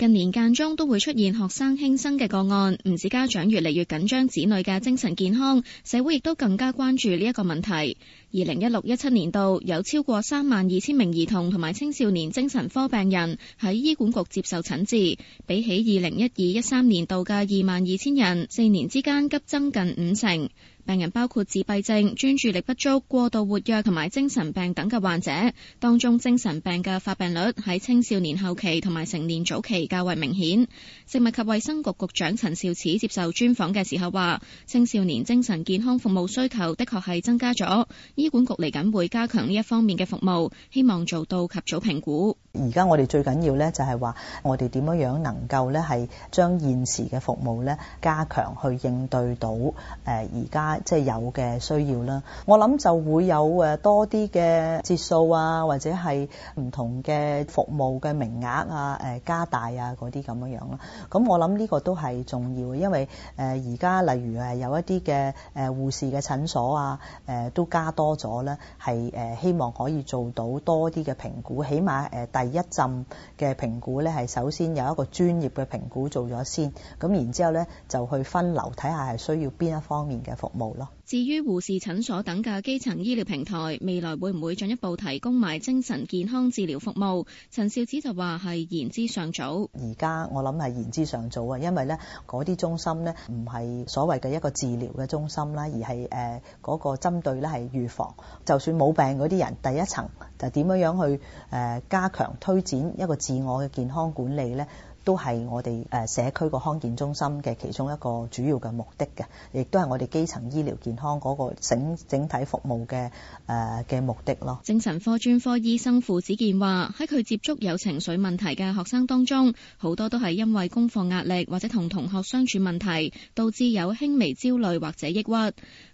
近年間中都會出現學生輕生嘅個案，唔止家長越嚟越緊張子女嘅精神健康，社會亦都更加關注呢一個問題。二零一六、一七年度有超過三萬二千名兒童同埋青少年精神科病人喺醫管局接受診治，比起二零一二、一三年度嘅二萬二千人，四年之間急增近五成。病人包括自閉症、專注力不足、過度活躍同埋精神病等嘅患者，當中精神病嘅發病率喺青少年後期同埋成年早期較為明顯。食物及衛生局局長陳肇始接受專訪嘅時候話，青少年精神健康服務需求的確係增加咗，醫管局嚟緊會加強呢一方面嘅服務，希望做到及早評估。而家我哋最緊要咧，就係話我哋點樣樣能夠咧，係將現時嘅服務咧加強，去應對到誒而家即係有嘅需要啦。我諗就會有誒多啲嘅節數啊，或者係唔同嘅服務嘅名額啊、誒加大啊嗰啲咁樣樣咯。咁我諗呢個都係重要嘅，因為誒而家例如誒有一啲嘅誒護士嘅診所啊，誒都加多咗咧，係誒希望可以做到多啲嘅評估，起碼誒係一陣嘅評估咧，係首先有一個專業嘅評估做咗先，咁然之後咧就去分流，睇下係需要邊一方面嘅服務咯。至於護士診所等嘅基層醫療平台，未來會唔會進一步提供埋精神健康治療服務？陳肇始就話係言之尚早。而家我諗係言之尚早啊，因為咧嗰啲中心咧唔係所謂嘅一個治療嘅中心啦，而係誒嗰個針對咧係預防，就算冇病嗰啲人，第一層就點樣樣去誒加強推展一個自我嘅健康管理咧。都係我哋誒社區個康健中心嘅其中一個主要嘅目的嘅，亦都係我哋基層醫療健康嗰個整整體服務嘅誒嘅目的咯。精神科專科醫生傅子健話，喺佢接觸有情緒問題嘅學生當中，好多都係因為功課壓力或者同同學相處問題，導致有輕微焦慮或者抑鬱。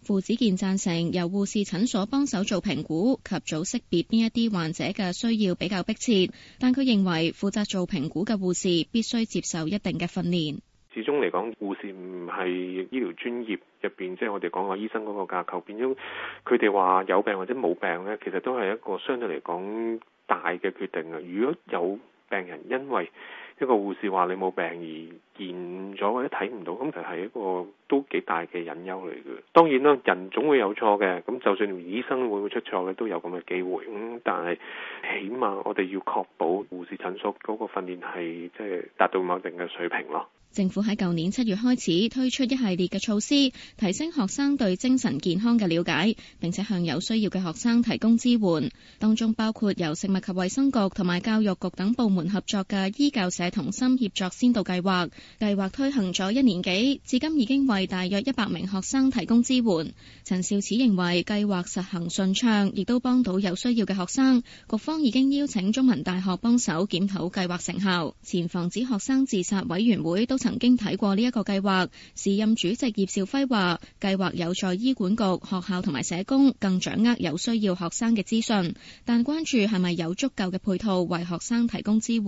傅子健贊成由護士診所幫手做評估，及早識別邊一啲患者嘅需要比較迫切，但佢認為負責做評估嘅護士必須接受一定嘅訓練。始終嚟講護士唔係醫療專業入邊，即係我哋講個醫生嗰個架構，變咗佢哋話有病或者冇病咧，其實都係一個相對嚟講大嘅決定啊。如果有病人因為一個護士話你冇病而見咗或者睇唔到，咁其實係一個都幾大嘅隱憂嚟嘅。當然啦，人總會有錯嘅，咁就算連醫生會唔會出錯咧，都有咁嘅機會。咁但係，起碼我哋要確保護士診所嗰個訓練係即係達到某一定嘅水平咯。政府喺舊年七月開始推出一系列嘅措施，提升學生對精神健康嘅了解，並且向有需要嘅學生提供支援。當中包括由食物及衛生局同埋教育局等部門合作嘅醫教社同心協作先導計劃，計劃推行咗一年幾，至今已經為大約一百名學生提供支援。陳肇始認為計劃實行順暢，亦都幫到有需要嘅學生。局方已經邀請中文大學幫手檢討計劃成效，前防止學生自殺委員會都。曾經睇過呢一個計劃，時任主席葉兆輝話，計劃有在醫管局、學校同埋社工更掌握有需要學生嘅資訊，但關注係咪有足夠嘅配套為學生提供支援。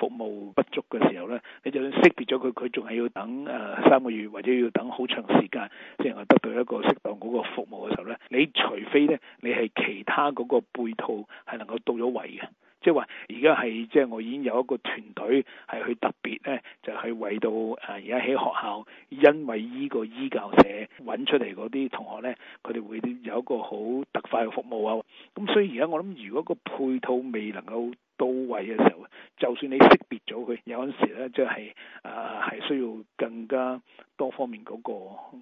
服務不足嘅時候咧，你就算識別咗佢，佢仲係要等誒三個月，或者要等好長時間，即係話得到一個適當嗰個服務嘅時候咧，你除非咧你係其他嗰個配套係能夠到咗位嘅。即係話，而家係即係我已經有一個團隊係去特別咧，就係為到誒而家喺學校，因為依個醫教社揾出嚟嗰啲同學咧，佢哋會有一個好特快嘅服務啊。咁所以而家我諗，如果個配套未能夠到位嘅時候，就算你識別咗佢，有陣時咧即係誒係需要更加多方面嗰個。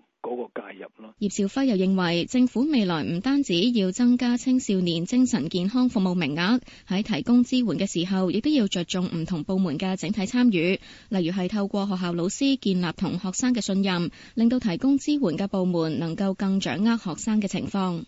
葉兆輝又認為，政府未來唔單止要增加青少年精神健康服務名額，喺提供支援嘅時候，亦都要着重唔同部門嘅整體參與，例如係透過學校老師建立同學生嘅信任，令到提供支援嘅部門能夠更掌握學生嘅情況。